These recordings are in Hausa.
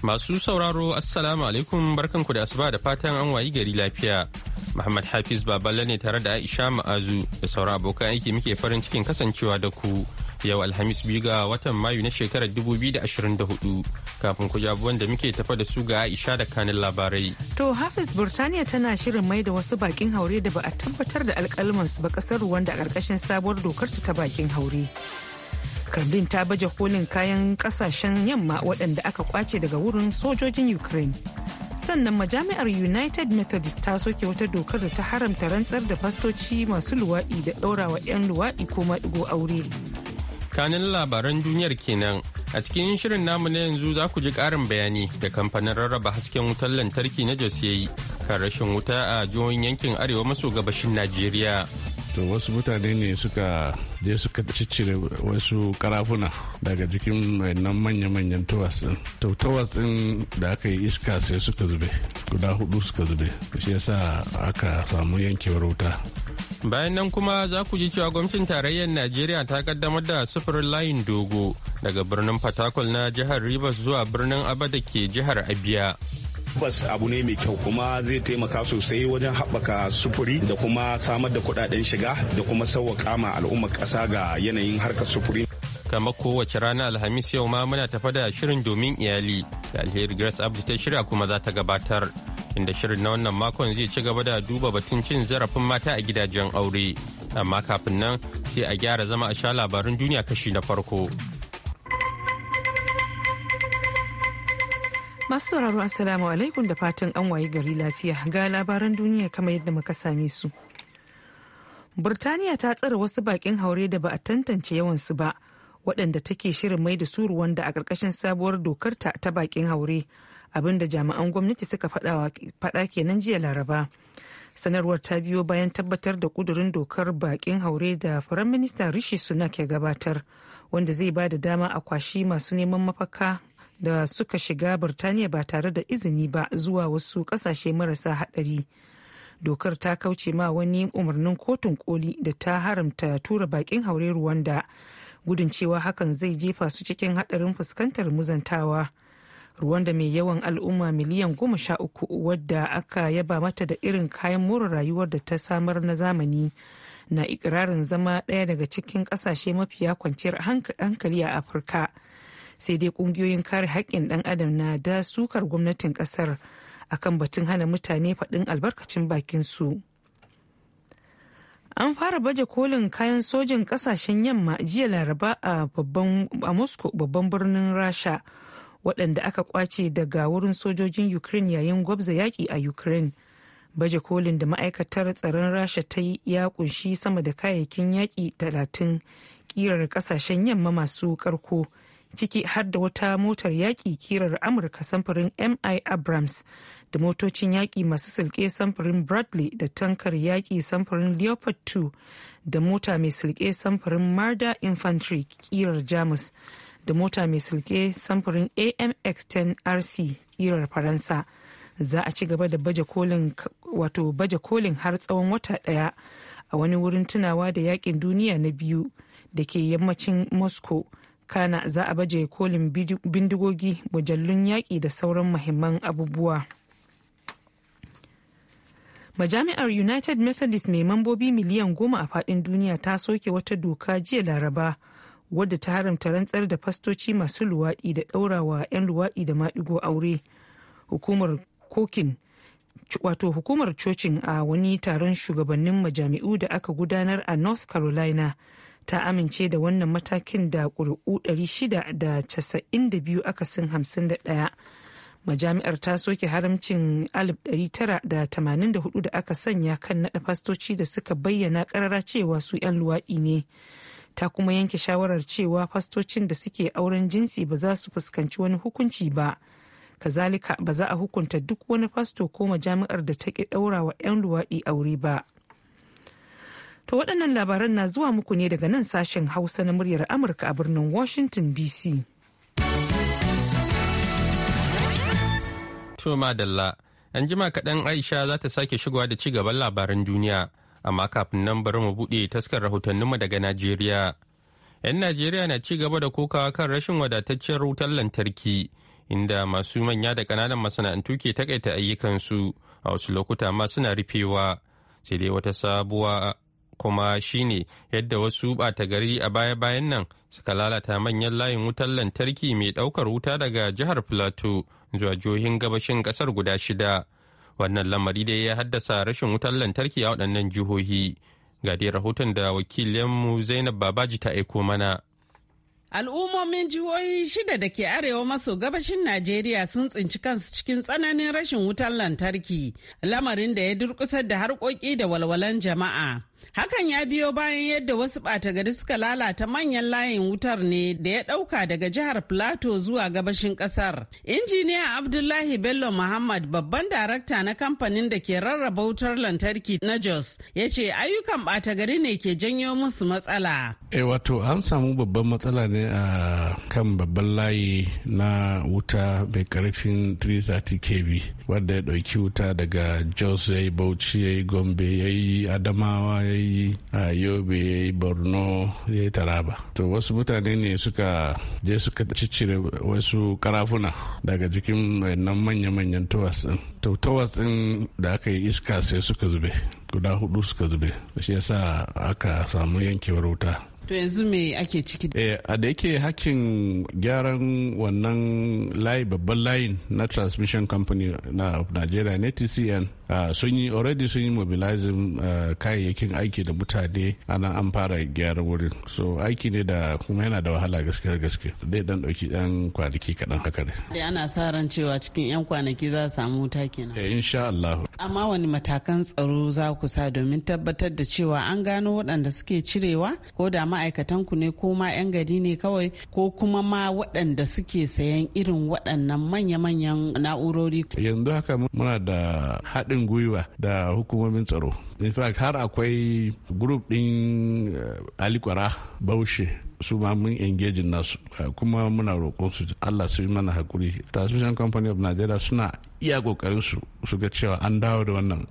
Masu sauraro Assalamu alaikum barkanku da asuba da fatan an wayi gari lafiya. Muhammad Hafiz Baballe ne tare da Aisha Ma'azu da sauran abokan aiki muke farin cikin kasancewa da ku. Yau Alhamis biyu ga watan Mayu na shekarar 2024 kafin ku jabuwan da muke tafa da su ga Aisha da kanin labarai. To Hafiz Burtaniya tana shirin mai da wasu bakin haure da ba a tabbatar da alkalmansu ba kasar ruwan a ƙarƙashin sabuwar dokar ta bakin haure. Kremlin ta baje kolin kayan kasashen yamma waɗanda aka kwace daga wurin sojojin Ukraine. Sannan majami'ar United Methodist ta soke wata dokar da ta haramta rantsar da fastoci masu luwaɗi da ɗaurawa 'yan luwaɗi ko maɗigo aure. Kanin labaran duniyar kenan a cikin shirin namu na yanzu za ku ji ƙarin bayani da kamfanin rarraba hasken wutar lantarki na Jos yayi kan rashin wuta a jihohin yankin arewa maso gabashin Najeriya. to wasu mutane ne suka je suka ciccire wasu karafuna daga jikin wayannan manya-manyan tawas din to da aka yi iska sai suka zube guda hudu suka zube shi yasa aka samu yankewar wuta bayan nan kuma za ku ji cewa gwamnatin tarayyar najeriya ta kaddamar da sufurin layin dogo daga birnin fatakul na jihar rivers zuwa birnin abada ke jihar abiya. tabbas abu ne mai kyau kuma zai taimaka sosai wajen haɓaka sufuri da kuma samar da kuɗaɗen shiga da kuma sauwaƙa ma al'umma ƙasa ga yanayin harkar sufuri. kamar kowace rana alhamis yau ma muna tafa da shirin domin iyali da alheri grace abu ta shirya kuma za ta gabatar inda shirin na wannan makon zai ci gaba da duba batun cin zarafin mata a gidajen aure amma kafin nan sai a gyara zama a sha labarin duniya kashi na farko. Masu sauraro Assalamu alaikum da fatan an waye gari lafiya ga labaran duniya kamar yadda muka same su. Burtaniya ta tsara wasu bakin haure da ba a tantance yawansu ba waɗanda take shirin mai da su da a ƙarƙashin sabuwar dokarta ta bakin haure abinda jami'an gwamnati suka faɗa kenan jiya laraba. sanarwar ta biyo bayan tabbatar da ƙudurin dokar bakin haure da firaminista rishi sunak ya gabatar wanda zai ba da dama a kwashi masu neman mafaka da suka shiga Birtaniya ba tare da izini ba zuwa wasu kasashe marasa hadari Dokar ta kauce ma wani umarnin kotun koli da ta haramta tura bakin haure Rwanda gudun cewa hakan zai jefa su cikin hadarin fuskantar muzantawa. Rwanda mai yawan al'umma miliyan goma sha uku wadda aka yaba mata da irin kayan more rayuwar da ta samar na zamani na ikirarin zama ɗaya daga cikin ƙasashe mafiya kwanciyar hankali a Afirka. sai dai kungiyoyin kare haƙƙin ɗan adam na da sukar gwamnatin ƙasar akan batun hana mutane faɗin albarkacin bakin su. an fara baje kolin kayan sojin ƙasashen yamma jiya laraba a moscow babban birnin rasha waɗanda aka kwace daga wurin sojojin ukraine yayin gwabza yaƙi a ukraine baje kolin da ma'aikatar tsaron rasha ta yi ya kunshi sama da kayayyakin yaƙi talatin ƙirar ƙasashen yamma masu ƙarko ciki har da wata motar yaƙi kirar amurka samfurin mi abrams da motocin yaƙi masu silke samfurin bradley da tankar yaƙi samfurin leopard 2 da mota mai silke samfurin marder infantry kirar jamus da mota mai silke samfurin amx 10 rc kirar faransa za a ci gaba da baje kolin wato baje kolin har tsawon wata daya a wani wurin tunawa da yaƙin duniya na biyu da ke yammacin moscow kana za a baje kolin bindigogi mujallun yaƙi da sauran mahimman abubuwa majami'ar united methodist mai mambobi miliyan goma a faɗin duniya ta soke wata doka jiya laraba wadda ta haramta rantsar da fastoci masu luwaɗi da ɗaurawa 'yan luwaɗi da maɗigo aure hukumar kokin wato hukumar cocin a wani taron shugabannin majami'u da aka gudanar a north carolina ta amince da wannan matakin da ƙuri'u 692 akasin 51 majami'ar ta soke haramcin 1984 da aka sanya kan naɗa fastoci da suka bayyana ƙarara cewa su 'yan luwaɗi ne ta kuma yanke shawarar cewa fastocin da suke auren jinsi ba za su fuskanci wani hukunci ba kazalika ba za a hukunta duk wani fasto ko majami'ar da ta ki ɗaurawa wa 'yan luwaɗi aure ba To waɗannan labaran na zuwa muku ne daga nan sashen Hausa na muryar Amurka a birnin Washington DC. To madalla, an jima kaɗan Aisha za ta sake shigowa da ci gaban labaran duniya, amma kafin nan bari mu buɗe taskar rahotanninmu daga Najeriya. 'Yan Najeriya na ci gaba da kokawa kan rashin wadataccen wutar lantarki, inda masu manya da ƙananan masana'antu ke takaita ayyukansu, a wasu lokuta ma suna rufewa. Sai dai wata sabuwa kuma shine yadda wasu bata gari a baya-bayan nan suka lalata manyan layin wutar lantarki mai ɗaukar wuta daga jihar plateau zuwa jihohin gabashin kasar guda shida wannan lamari da ya haddasa rashin wutar lantarki a waɗannan jihohi ga dai rahoton da wakilinmu zainab babaji ta aiko mana Al'ummomin jihohi shida da ke arewa maso gabashin Najeriya sun tsinci kansu cikin tsananin rashin wutar lantarki, lamarin da ya durkusar da harkoki da walwalan jama'a. Hakan ya biyo bayan yadda wasu ɓatagari suka lalata manyan layin wutar ne da ya ɗauka daga jihar Plateau zuwa gabashin ƙasar. Injiniya Abdullahi Bello Muhammad babban darakta na kamfanin da ke rarraba wutar lantarki na Jos ya ce ayyukan ɓatagari ne ke janyo musu matsala. E wato an samu babban matsala ne a kan babban layi na wuta mai karfin 330 kV wadda ya ɗauki wuta daga Jos ya yi Bauchi ya yi Gombe ya yi Adamawa yi yobe ya yi borno ya yi taraba to wasu mutane ne suka je suka ciccire wasu karafuna daga jikin nan manya-manyan towas din to towas din da aka yi iska sai suka zube guda hudu suka zube shi yasa aka samu yankewar wuta To yanzu me ake ciki? Eh, a da yake hakkin gyaran wannan layi babban layin na transmission company na Nigeria na TCN. Ah, sun yi already sun yi mobilizing ah, kayayyakin aiki da mutane ana an fara gyara wurin so aiki ne da kuma yana da wahala gaskiyar gaske zai dan dauki dan kwanaki kaɗan haka ne dai ana sa ran cewa cikin yan kwanaki za su samu wuta kenan eh insha Allah amma wani matakan tsaro za ku sa domin tabbatar da cewa an gano waɗanda suke cirewa ko da ma ma'aikatan ku ne ko ma 'yan gari ne kawai ko kuma ma waɗanda suke sayan irin waɗannan manya-manyan na'urori. Yanzu haka muna da haɗin gwiwa da hukumomin tsaro. In fact har akwai group ɗin eh, Alikwara Baushe su ma mun engaging nasu ah, kuma muna roƙon su Allah su yi mana hakuri transmission company of Nigeria suna iya kokarin su su ga cewa an dawo da wannan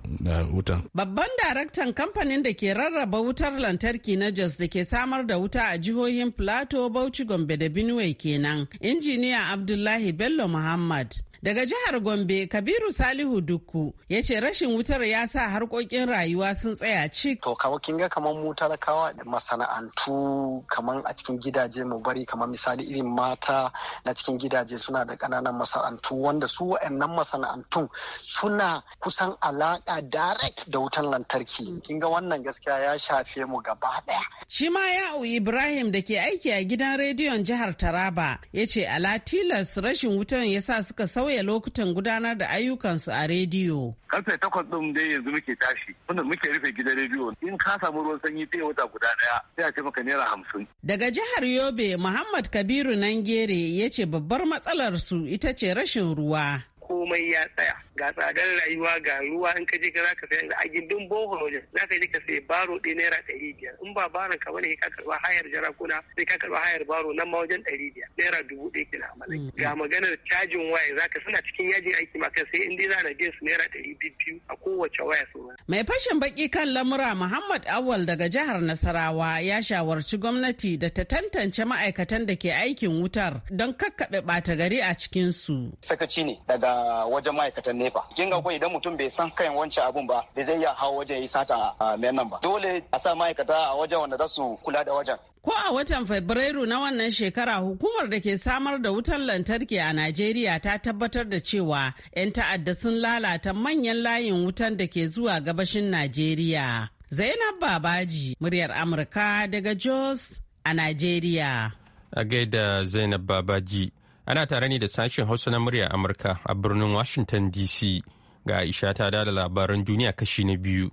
wutan. Babban daraktan kamfanin da ke rarraba wutar lantarki na Jos da ke samar da wuta a jihohin Plateau, Bauchi, Gombe da Benue kenan. Injiniya Abdullahi Bello Muhammad Daga jihar Gombe, Kabiru Salihu Dukku ya ce rashin wutar ya sa harkokin rayuwa sun tsaya cik. To, kawo kin ga kamar mu talakawa da masana'antu kamar a cikin gidaje mu bari kamar misali irin mata na cikin gidaje suna da ƙananan masana'antu wanda su wa'annan masana'antun suna kusan alaƙa direct da wutan lantarki. Kin ga wannan gaskiya ya shafe mu gaba daya. Shi ma Ibrahim da ke aiki a gidan rediyon jihar Taraba ya ce ala tilas rashin wutan ya sa suka sauya sauya lokutan gudanar da ayyukansu a rediyo. Karfe takwas ɗin dai yanzu muke tashi, wanda muke rufe gidan rediyo. In ka samu ruwan sanyi ta wata guda ɗaya, sai a ce maka naira hamsin. Daga jihar Yobe, Muhammad Kabiru Nangere ya ce babbar matsalar su ita ce rashin ruwa. Komai ya tsaya. ga tsadar rayuwa ga ruwa in ka je ka zaka sayar a gindin wajen zaka je ka sayi baro ɗaya naira ɗari biyar in ba baron ka bane ka karɓa hayar jarakuna sai ka karɓa hayar baro nan ma wajen ɗari biyar naira dubu ɗaya kina amalai mm. ga maganar cajin waya zaka suna cikin yajin aiki ma kai sai in dai zana biyan su naira ɗari biyu a kowace waya su mai fashin baki kan lamura Muhammad Awal daga jihar Nasarawa ya shawarci gwamnati da ta tantance ma'aikatan da ke aikin wutar don kakkaɓe ɓata gari a cikinsu. Sakaci ne daga wajen ma'aikatan ne ba kin ga ko idan mutum bai san kan wancan abun ba bai zai iya hawo wajen yi sata a mayan nan ba dole a sa ma'aikata a wajen wanda za su kula da wajen Ko a watan Fabrairu na wannan shekara hukumar da ke samar da wutar lantarki a Najeriya ta tabbatar da cewa 'yan ta'adda sun lalata manyan layin wutan da ke zuwa gabashin Najeriya. Zainab Babaji, muryar Amurka daga Jos a Najeriya. A gaida Zainab Babaji. Ana tare ne da sashen Hausa na murya Amurka a birnin Washington DC ga Aisha ta da labaran duniya kashi na biyu.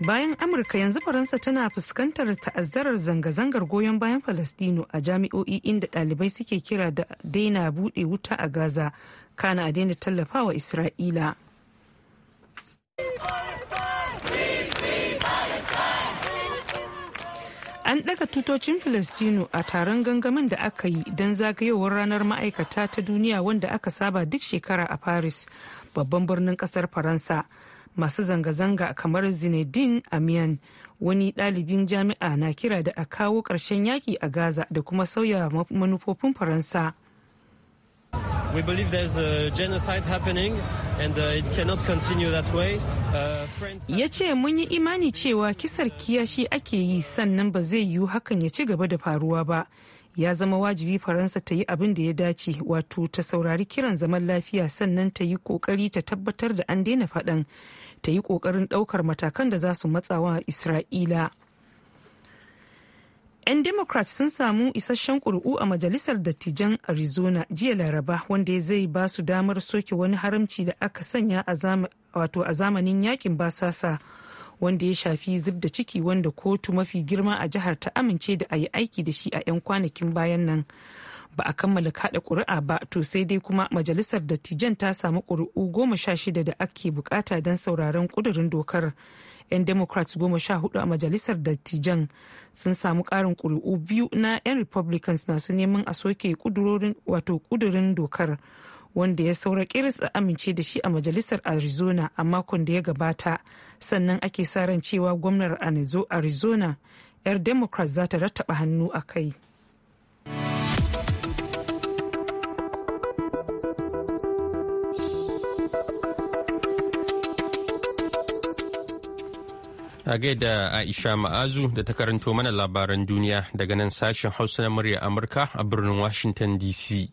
Bayan Amurka yanzu Faransa tana fuskantar ta'azzarar zanga-zangar goyon bayan Falastino a jami'o'i inda dalibai suke kira da daina bude wuta a Gaza, kana a daina tallafawa Isra'ila. an ɗaga tutocin filistinu a taron gangamin da aka yi don zagayowar ranar ma'aikata ta duniya wanda aka saba duk shekara a paris babban birnin ƙasar faransa masu zanga-zanga kamar zinedine amiyan wani ɗalibin jami'a na kira da a kawo ƙarshen yaƙi a gaza da kuma sauya manufofin faransa Uh, uh, ya ce mun yi imani cewa kisar kiyashi ake yi sannan ba zai yiwu hakan ya ci gaba da faruwa ba. Ya zama wajibi Faransa ta yi abin da ya dace wato ta saurari kiran zaman lafiya sannan ta yi kokari ta tabbatar da an daina faɗan ta yi kokarin ɗaukar matakan da za su matsawa Isra'ila. 'yan democrats sun samu isasshen ƙuri'u a majalisar dattijan arizona jiya laraba wanda zai ba su damar soke wani haramci da aka sanya a zamanin yakin basasa wanda ya shafi zub da ciki wanda kotu mafi girma a jihar ta amince da a yi aiki da shi a 'yan kwanakin bayan nan ba a kammala kada ƙuri'a ba to sai dai kuma majalisar dattijan ta samu kuri'u goma sha shida da ake bukata don sauraron ƙudurin dokar 'yan democrats goma sha hudu a majalisar dattijan sun samu karin kuri'u biyu na 'yan republicans masu neman a soke kudurin dokar wanda ya saura kiris a amince da shi a majalisar arizona a makon da ya gabata sannan ake sa ran cewa gwamnar arizona 'yar democrats za ta rattaba hannu a kai. A gaida Aisha Ma'azu da ta karanto mana labaran duniya daga nan sashen Hausa na murya Amurka a birnin Washington DC.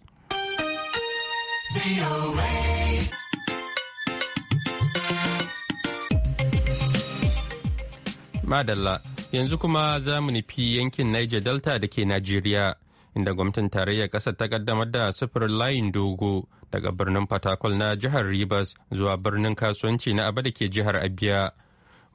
Madalla, yanzu kuma za mu nufi yankin Niger Delta da ke Najeriya, inda gwamnatin tarayyar ƙasar ta kaddamar da sufurin layin dogo daga birnin Fatakwal na jihar Rivers zuwa birnin kasuwanci na abada ke jihar Abia.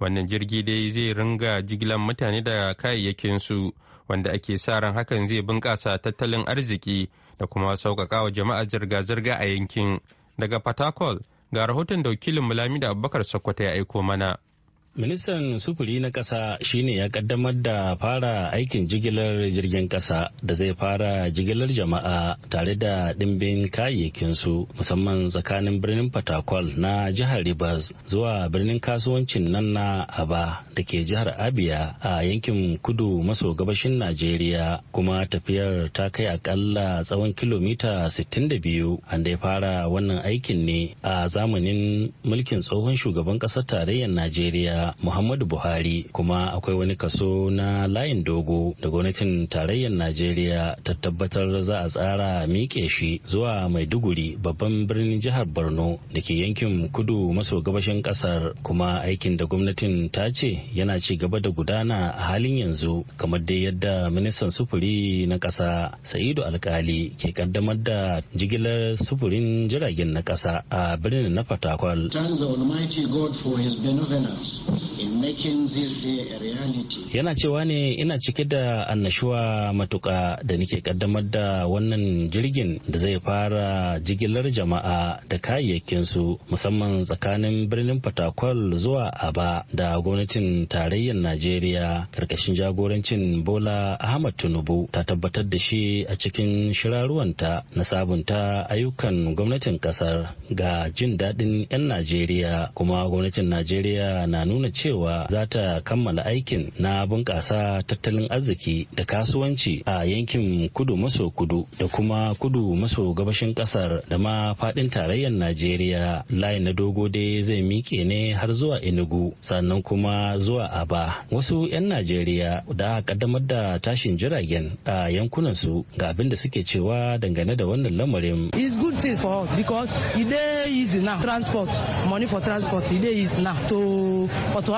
wannan jirgi dai zai ringa jigilan mutane da kayayyakin su wanda ake sa ran hakan zai bunƙasa tattalin arziki da kuma sauƙaƙa wa jama'a zirga-zirga a yankin daga fatakol ga rahoton da wakilin mulami da abubakar sokoto ya aiko mana Ministan sufuri na ƙasa shine ya kaddamar da fara aikin jigilar jirgin ƙasa da zai fara jigilar jama'a tare da ɗimbin kayayyakinsu musamman tsakanin birnin Fatakwal na jihar ribas zuwa birnin kasuwancin nan na Aba da ke jihar Abia a yankin kudu maso gabashin Najeriya kuma tafiyar ta kai akalla tsawon kilomita 62 an ya fara wannan aikin ne a zamanin mulkin tsohon shugaban ƙasar tarayyar Najeriya. Muhammadu Buhari kuma akwai wani kaso na layin dogo da gwamnatin tarayyar Najeriya ta tabbatar za a tsara miƙe shi zuwa Maiduguri babban birnin jihar Borno da ke yankin kudu maso gabashin ƙasar kuma aikin da gwamnatin ta ce yana ci gaba da gudana a halin yanzu kamar dai yadda ministan sufuri na ƙasa Sa'idu Alkali ke kaddamar da jigilar sufurin jiragen na ƙasa a birnin na Fatakwal. God for his benevolence. Yana cewa ne ina cike da annashuwa matuƙa da nake ƙaddamar da wannan jirgin da zai fara jigilar jama'a da kayayyakinsu musamman tsakanin birnin Fatakwal zuwa Aba da gwamnatin tarayyar Najeriya karkashin jagorancin Bola Ahmad Tinubu ta tabbatar da shi a cikin shiraruwanta na sabunta ayyukan gwamnatin kasar ga jin daɗin 'yan Najeriya kuma gwamnatin Najeriya na nuna nuna cewa za ta kammala aikin na bunƙasa tattalin arziki da kasuwanci a yankin kudu maso kudu da kuma kudu maso gabashin ƙasar da ma faɗin tarayyar Najeriya. layin na dogo dai zai miƙe ne har zuwa Enugu sannan kuma zuwa Aba. Wasu 'yan Najeriya da kaddamar da tashin jiragen a yankunan su ga abin da suke cewa dangane da wannan lamarin. It's good thing for us because e dey easy now transport money for transport e dey easy now to wato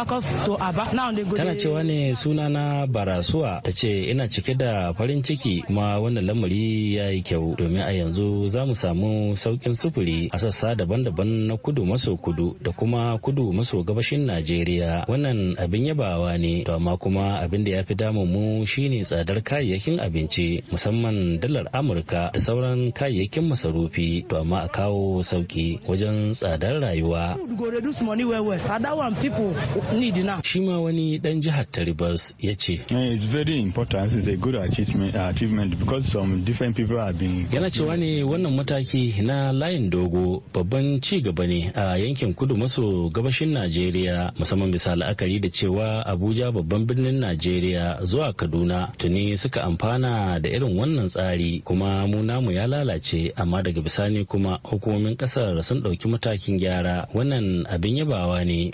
to aba now they go tana cewa ne suna na barasuwa ta ce ina cike da farin ciki kuma wannan lamari ya yi kyau domin a yanzu za mu samu saukin sufuri a sassa daban-daban na kudu maso kudu da kuma kudu maso gabashin najeriya wannan abin yabawa ne to amma kuma abin da ya fi damun mu shine tsadar kayayyakin abinci musamman dalar amurka da sauran kayayyakin masarufi to amma a kawo sauki wajen tsadar rayuwa uku ni dina. Shi ma wani dan jihar Taribas ya ce. It's very important. It's a good achievement, uh, achievement because some different people have been. Yana cewa ne wannan mataki na layin dogo babban ci gaba ne a yankin kudu maso gabashin Najeriya musamman bisa la'akari da cewa Abuja babban birnin Najeriya zuwa Kaduna tuni suka amfana da irin wannan tsari kuma mu namu ya lalace amma daga bisani kuma hukumomin kasar sun ɗauki matakin gyara wannan abin yabawa ne.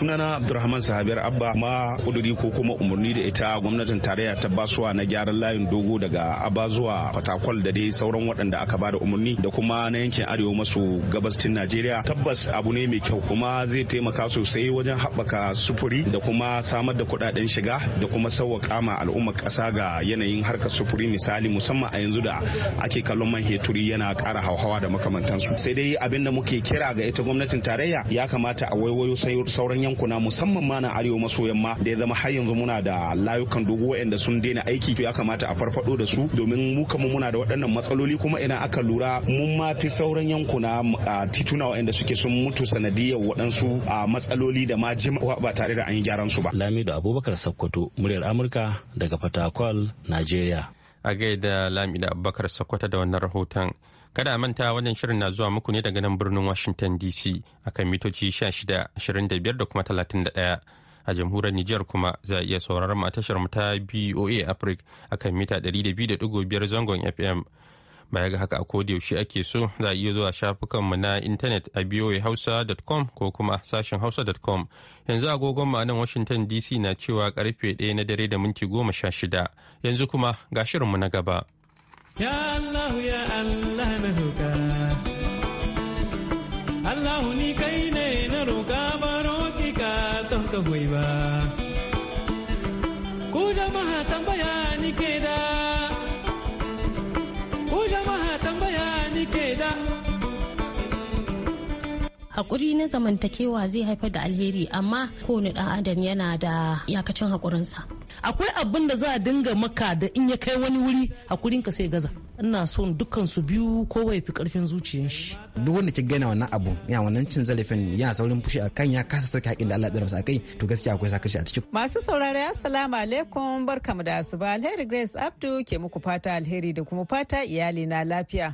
abdurrahman sahabiyar abba ma kuduri ko kuma umarni da ita gwamnatin tarayya ta basuwa na gyaran layin dogo daga aba zuwa fatakwal da dai sauran waɗanda aka ba da umarni da kuma na yankin arewa maso gabastin najeriya tabbas abu ne mai kyau kuma zai taimaka sosai wajen haɓaka sufuri da kuma samar da kuɗaɗen shiga da kuma sauwaƙa ma al'ummar ƙasa ga yanayin harkar sufuri misali musamman a yanzu da ake kallon man heturi yana ƙara hauhawa da makamantansu sai dai abin da muke kira ga ita gwamnatin tarayya ya kamata a waiwayo sauran yankuna musamman musamman ma na arewa maso yamma da ya zama har yanzu muna da layukan dogo waɗanda sun daina aiki to ya kamata a farfado da su domin mu kamar muna da waɗannan matsaloli kuma idan aka lura mun ma fi sauran yankuna a tituna waɗanda suke sun mutu sanadiyar waɗansu a matsaloli da ma jimawa ba tare da an yi gyaran su ba. Lamido Abubakar Sakkwato muryar Amurka daga Fatakwal, nigeria. A gaida Lamido Abubakar Sakkwato da wannan rahoton. Kada a manta wannan shirin na zuwa muku ne daga nan birnin Washington DC a kan mitoci 16, da kuma 31. a jamhuriyar Nijar kuma za a iya sauraron mu tashar mu ta BOA Africa kan mita 200.5 zangon FM. Baya ga haka a koda yaushe ake so za a iya zuwa shafukan mu na intanet a boahausa.com ko kuma sashen hausa.com. Yanzu agogon ma nan Washington DC na cewa karfe 1 na dare da minti 16. Yanzu kuma ga shirinmu na gaba. Ya Allah ya Allah na roka Allah ni kai ne na roka baro ki ka to ka ba hakuri na zamantakewa zai haifar da alheri amma kowane dan adam yana da yakacin hakurinsa akwai abin da za a dinga maka da in ya kai wani wuri hakurin ka sai gaza ina son dukkan su biyu ko wai fi karfin zuciyar shi duk wanda ki gana wannan abu ya wannan cin zarafin ya saurin fushi a kan ya kasa sauke hakin da Allah ya masa kai to gaskiya akwai shi a cikin masu saurare assalamu alaikum barkamu da asuba alheri grace abdu ke muku fata alheri da kuma fata iyali na lafiya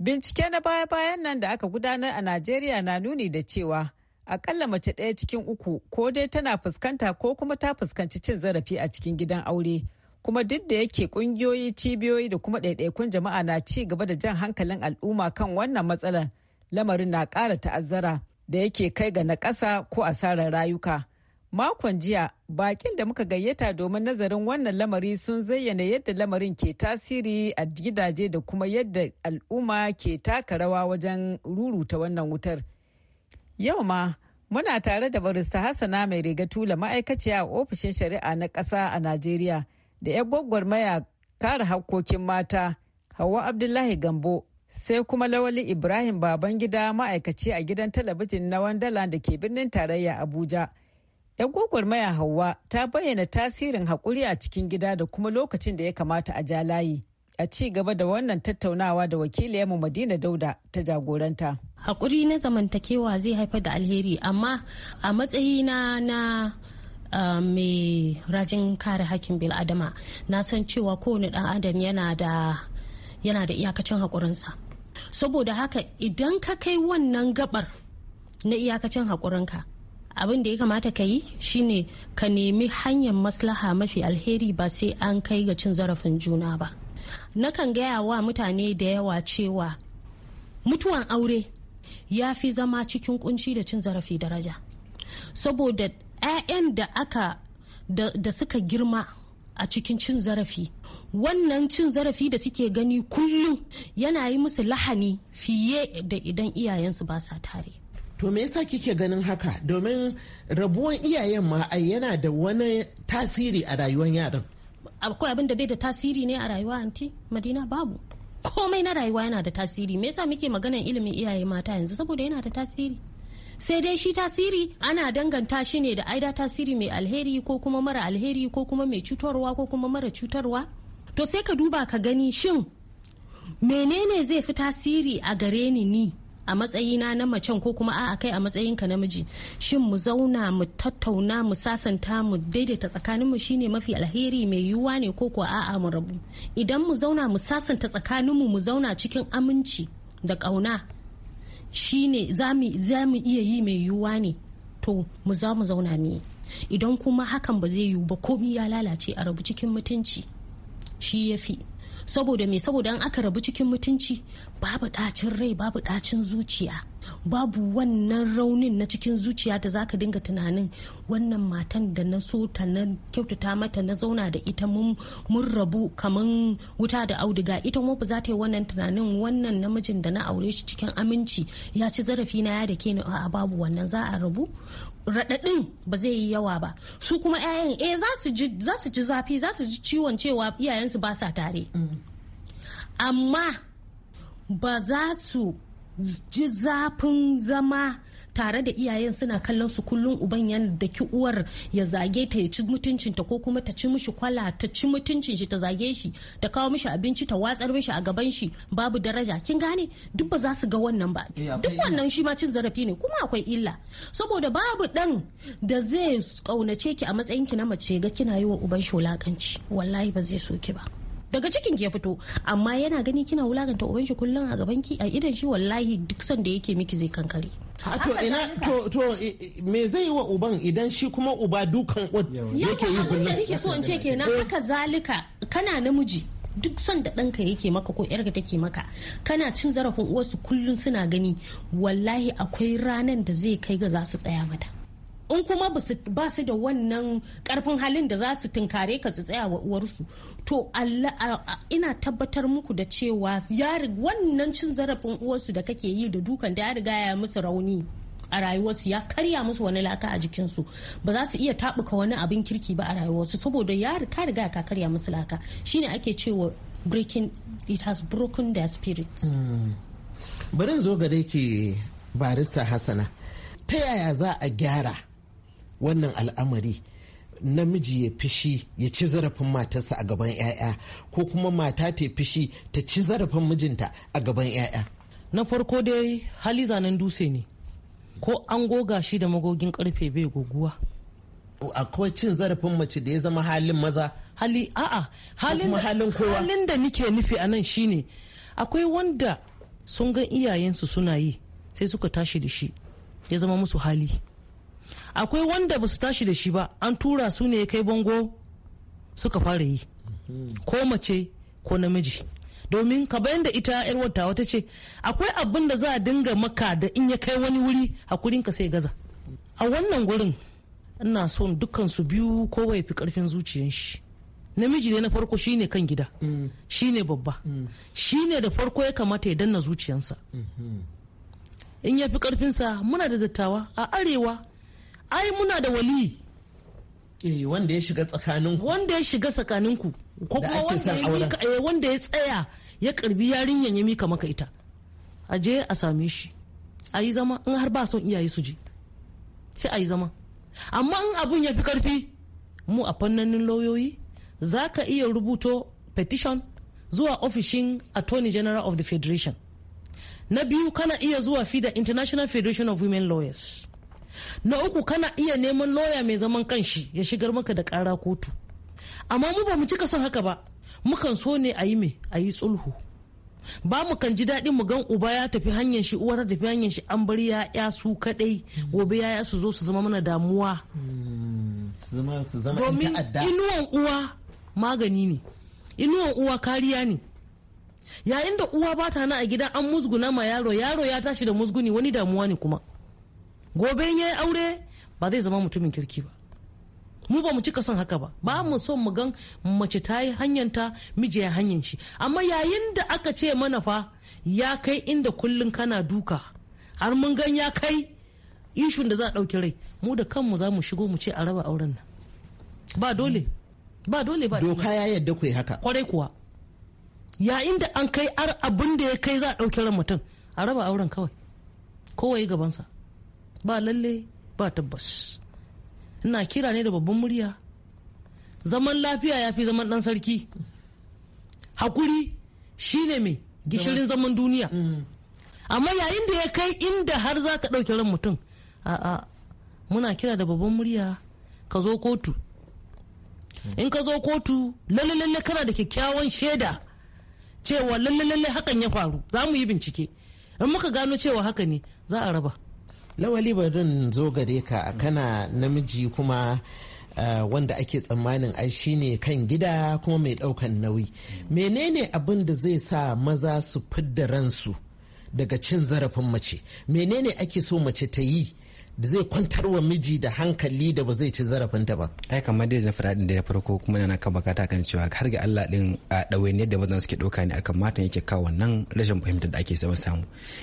Bincike na baya-bayan nan da aka gudanar a Najeriya na nuni da cewa akalla mace ɗaya cikin uku ko dai tana fuskanta ko kuma ta fuskanci cin zarafi a cikin gidan aure. Kuma duk da yake ƙungiyoyi, cibiyoyi da kuma ɗaiɗaikun jama'a na ci gaba da jan hankalin al'umma kan wannan matsalar lamarin na ƙara ta'azzara da yake kai ga naƙasa ko asarar rayuka. Makon jiya bakin da muka gayyata domin nazarin wannan lamari sun zayyana yadda lamarin ke tasiri a gidaje da kuma yadda al'umma ke taka rawa wajen ruruta wannan wutar. Yau ma muna tare da barista Hassana mai riga tula ma'aikaciya a ofishin shari'a na ƙasa a Najeriya da 'yan gwagwarmaya kare hakkokin mata hawa Abdullahi Gambo sai kuma Lawali Ibrahim Babangida ma'aikaci a gidan talabijin na Wandala da ke birnin tarayya Abuja. 'Yan maya Hauwa ta bayyana tasirin haƙuri a cikin gida da kuma lokacin da ya kamata a ja layi. A ci gaba da wannan tattaunawa da wakiliyarmu Madina Dauda ta jagoranta. Haƙuri na zamantakewa zai haifar da alheri, amma a matsayina na mai rajin kare hakkin bil'adama na san cewa kowane dan adam yana da yana da iyakacin haƙurinsa saboda haka idan ka kai wannan gabar na iyakacin haƙurinka abin da ya kamata ka yi shine ka nemi hanyar maslaha mafi alheri ba sai an kai ga cin zarafin juna ba nakan gaya wa mutane da yawa cewa mutuwan aure ya fi zama cikin kunci da cin zarafi daraja saboda 'ya'yan da aka da suka girma a cikin cin zarafi wannan cin zarafi da suke gani kullum yana yi musu lahani fiye da idan iyayensu ba sa tare to me yasa kike ganin haka domin rabuwan iyayen ma ai yana da wani tasiri a rayuwar yaran akwai abin da bai da tasiri ne a rayuwa anti madina babu komai na rayuwa yana da tasiri me yasa muke maganan ilimin iyaye mata yanzu saboda yana da tasiri sai dai shi tasiri ana danganta shi ne da aida tasiri mai alheri ko kuma mara alheri ko kuma mai cutarwa ko kuma mara cutarwa to sai ka duba ka gani shin menene zai fi tasiri a gare ni ni a matsayina na macen ko kuma a'a kai a matsayin ka namiji shin mu zauna mu tattauna mu sasanta mu daidaita tsakaninmu shine mafi alheri mai yiwuwa ne ko kuwa a'a mu rabu idan mu zauna mu sasanta tsakaninmu mu zauna cikin aminci da ƙauna shine za mu iya yi mai yiwuwa ne to mu za mu zauna mu idan kuma hakan ba zai yiwu ba komi ya lalace a rabu cikin mutunci shi ya fi saboda me saboda in aka rabu cikin mutunci babu ɗacin rai babu ɗacin zuciya babu wannan raunin na cikin zuciya da zaka dinga tunanin wannan matan da na so ta na kyautata mata na zauna da ita mun rabu kaman wuta da auduga ita kuma za ta yi wannan tunanin wannan namijin da na aure shi cikin aminci ya ci zarafi na ya da ke ni a babu wannan za a rabu raɗaɗin ba zai yi yawa ba su kuma 'ya'yan eh za su ji zafi za su ji ciwon cewa iyayensu ba sa tare mm. amma ba za su ji zafin zama tare da iyayen suna kallon su kullum uban yana da ki uwar ya zage ta ya ci mutuncin ta ko kuma ta ci mishi kwala ta ci mutuncin shi ta zage shi ta kawo mishi abinci ta watsar mishi a gaban shi babu daraja kin gane duk ba za su ga wannan ba eh, duk wannan shi ma cin zarafi ne kuma akwai illa saboda babu dan da zai kaunace ki a matsayin ki na mace ga kina yi wa uban shi wulakanci wallahi ba zai so ki ba daga cikin ke fito amma yana gani kina wulakanta uban shi kullum a gaban ki a idan shi wallahi duk san da yake miki zai kankare to ina to to me zai wa uban idan shi kuma uba dukan od yake yi kullum yake so in ce kenan haka zalika kana namiji duk son da ɗanka yake maka ko yarka take maka kana cin zarafin uwarsu kullum suna gani wallahi akwai ranan da zai kai ga za su tsaya mata in kuma ba su da wannan karfin halin da za su tunkare ka su tsaya wa uwarsu to Allah ina tabbatar muku da cewa wannan cin zarafin uwarsu da kake yi da dukan da ya riga ya musu rauni a rayuwarsu ya karya musu wani laka a jikinsu ba za su iya tabuka wani abin kirki ba a rayuwarsu saboda ya ka riga ka karya musu laka shine ake cewa breaking it has broken their spirit. Hmm. barin zo gare barista hasana ta yaya za a gyara wannan al'amari namiji ya fishi ya ci zarafin matarsa a gaban 'ya'ya ko kuma mata ta fishi ta ci zarafin mijinta a gaban 'ya'ya na farko dai hali zanen dutse ne ko an goga shi da magogin karfe bai goguwa akwai cin zarafin mace da ya zama halin maza hali a'a halin halin halin da nike nufi a nan shine akwai wanda sun ga iyayensu suna yi sai suka tashi da shi ya zama musu hali akwai wanda ba su tashi da shi ba an tura su ne ya kai bango suka fara yi ko mace ko namiji domin ka bayan da ita yar wata wata ce akwai abin da za a dinga maka da in ya kai wani wuri hakurin ka sai gaza a wannan gurin ina son dukkan su biyu ko ya fi karfin zuciyan shi namiji ne na farko shine kan gida shine babba shine da farko ya kamata ya danna zuciyansa mm-hmm. in ya fi karfinsa muna da dattawa a arewa ai muna da wali eh wanda ya shiga tsakanin wanda ya shiga tsakanin ku ko kuma wanda ya eh wanda ya tsaya ya karbi yarinyan ya mika maka ita a je a same shi a yi zama in har ba son iyaye su je sai a yi zama amma in abun ya fi karfi mu a fannanin lauyoyi za ka iya rubuto petition zuwa ofishin attorney general of the federation na biyu kana iya zuwa fida international federation of women lawyers na uku kana iya neman loya mai zaman kanshi ya shigar maka da kara kotu amma mu ba mu cika son haka ba mukan so ne a yi me a yi tsulhu ba mu kan ji daɗin mu gan uba ya tafi hanyar shi uwar tafi hanyar shi an bar ya su kadai gobe ya su zo su zama mana damuwa domin inuwan uwa magani ne inuwan uwa kariya ne yayin da uwa ba ta na a gida an musguna ma yaro yaro ya tashi da musguni wani damuwa ne kuma gobe ya yi aure ba zai zama mutumin kirki ba mu ba mu cika son haka ba ba mu son mu gan mace ta yi hanyanta miji ya hanyar shi amma yayin da aka ce mana fa ya kai inda kullun kana duka har mun gan ya kai ishun da za a ɗauki rai mu da kanmu za mu shigo mu ce a raba auren nan ba dole ba dole ba doka ya yadda ku haka kwarai kuwa yayin da an kai ar abin da ya kai za a ɗauki ran mutum a raba auren kawai kowai gabansa ba lalle ba tabbas ina kira ne da babban murya zaman lafiya ya fi zaman dan sarki hakuri shine mai gishirin zaman duniya mm. amma yayin da ya kai inda har za ka ɗauki ran mutum a'a muna kira da babban murya ka zo kotu mm. in ka zo kotu lalle lalle kana da kyakkyawan shaida cewa lalle lalle hakan ya faru za mu yi bincike in muka gano cewa haka ne za a raba lawali barin zo gare ka kana namiji kuma Uh, wanda ake tsammanin ai shine kan gida kuma mai daukan nauyi menene abin da zai sa maza su fidda ransu daga cin zarafin mace menene ake so mace ta yi da zai kwantar wa miji da hankali da ba zai ci zarafin ta ba. Ai kamar dai na faɗa da farko kuma na kan bakata kan cewa har ga Allah din a ne da mazan suke ɗauka ne akan matan yake kawo wannan rashin fahimtar da ake samu samu.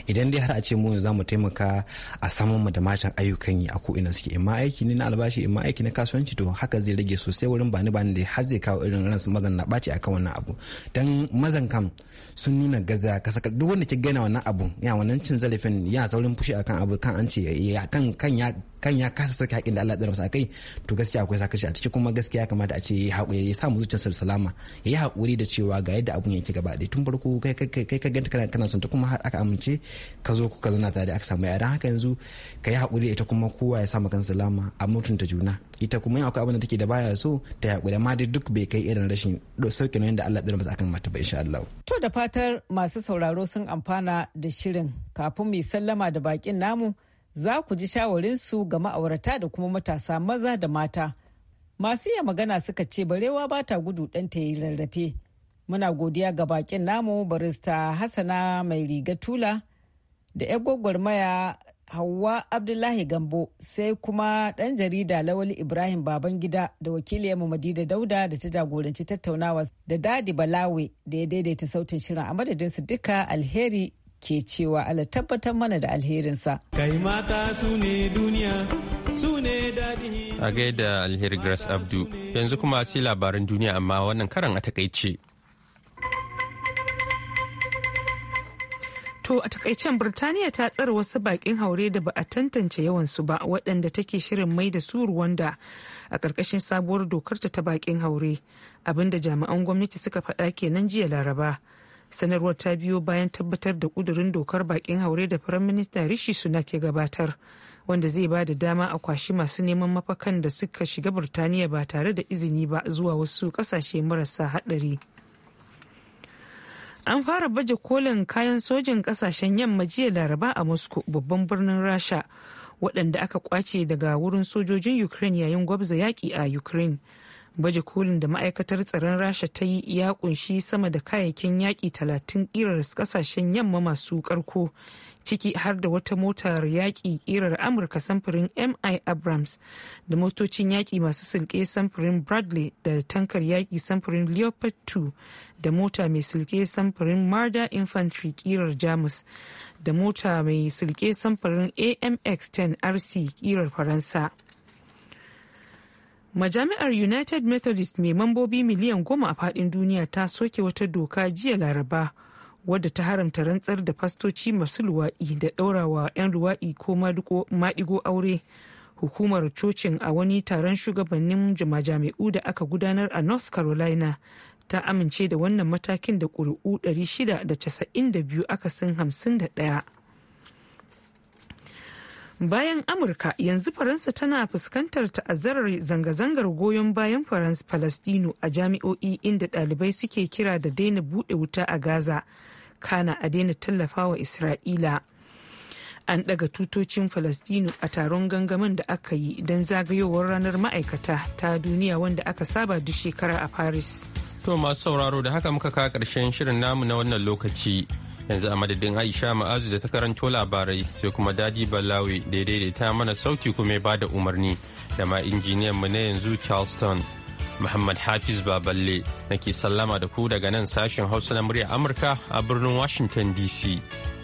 Idan dai har a ce mu za mu taimaka a samun mu da matan ayyukan yi a ko ina suke imma aiki ne na albashi imma aiki na kasuwanci to haka zai rage sosai wurin bani bani da har zai kawo irin ransu mazan na ɓaci akan wannan abu. Dan mazan kam sun nuna gaza kasa duk wanda ke gana wannan abu ya wannan cin zarafin ya saurin fushi akan abu kan an ce ya kan kan ya kan ya kasa sauke haƙin da Allah ya masa kai to gaskiya akwai sakaci a ciki kuma gaskiya ya kamata a ce ya ya samu zuciyarsa salama ya yi haƙuri da cewa ga yadda abun yake gaba ɗaya tun farko kai kai ka ganta kana kana son ta kuma har aka amince ka zo ka zauna tare aka samu yaran haka yanzu ka yi haƙuri ita kuma kowa ya samu kansa salama a mutunta juna ita kuma yin akwai abin da take da baya so ta yi haƙuri amma dai duk bai kai irin rashin sauke nauyin da Allah ya masa akan mata ba insha Allah. To da fatar masu sauraro sun amfana da shirin kafin mu sallama da bakin namu za ku ji shawarinsu ga ma'aurata da kuma matasa maza da mata. Masu iya magana suka ce barewa ba ta gudu ɗanta ta yi rarrafe. Muna godiya ga bakin namu barista Hassana mai riga tula da 'yan gwagwarmaya Hauwa Abdullahi Gambo sai kuma ɗan jarida Lawali Ibrahim Babangida da wakiliyarmu Madida Dauda da ta jagoranci tattaunawa da Dadi Balawe da ya daidaita sautin shirin a madadinsu duka alheri ke cewa Allah tabbatar mana da alherinsa. Kai mata su ne duniya, su ne daɗi. A gaida alheri Grace Abdu, yanzu kuma sai labaran duniya amma wannan karan a takaice. To a takaicen Birtaniya ta tsare wasu bakin haure da ba a tantance yawansu ba waɗanda take shirin mai da su Ruwanda a ƙarƙashin sabuwar dokarta ta bakin haure abinda jami'an gwamnati suka faɗa kenan jiya Laraba. sanarwar ta biyo bayan tabbatar da kudurin dokar bakin haure da firaminista rishi sunak ya gabatar wanda zai ba da dama a kwashi masu neman mafakan da suka shiga burtaniya ba tare da izini ba zuwa wasu kasashe marasa hadari. an fara baje kolin kayan sojin kasashen yamma jiya laraba a moscow babban birnin rasha waɗanda aka kwace daga wurin sojojin ukraine yayin gwabza yaƙi a ukraine baje kolin da ma'aikatar tsaron rasha ta yi ya kunshi sama da kayayyakin yaƙi talatin ƙirar ƙasashen yamma masu ƙarko ciki har da wata motar yaƙi ƙirar amurka samfurin mi abrams da motocin yaƙi masu silke samfurin bradley da tankar yaƙi samfurin leopard 2 da mota mai silke samfurin marda infantry ƙirar jamus da mota mai silke samfurin amx 10 rc ƙirar faransa Majami'ar United Methodist mai mambobi miliyan goma a faɗin duniya ta soke wata doka jiya Laraba wadda ta haramta rantsar da fastoci masu luwaɗi da ɗaurawa 'yan luwaɗi ko maɗigo aure. Hukumar cocin a wani taron shugabannin majami'u da aka gudanar a North Carolina ta amince da wannan matakin da ƙuri'u aka akasin 51. bayan amurka yanzu faransa tana fuskantar ta'azzarar zanga-zangar goyon bayan faransa palestino a jami'o'i inda dalibai suke kira da daina bude wuta a gaza kana a daina tallafa wa isra'ila an daga tutocin palestino a taron gangamin da aka yi don zagayowar ranar ma'aikata ta duniya wanda aka saba duk shekara a paris to masu sauraro da haka muka kawo karshen shirin namu na wannan lokaci yanzu a madadin aisha ma'azu da ta karanto labarai sai kuma dadi balawi da ta mana sauti kuma ya da umarni da ma injiniyan mu na yanzu charleston muhammad hafiz baballe na ke sallama da ku daga nan sashen hausa na murya amurka a birnin washington dc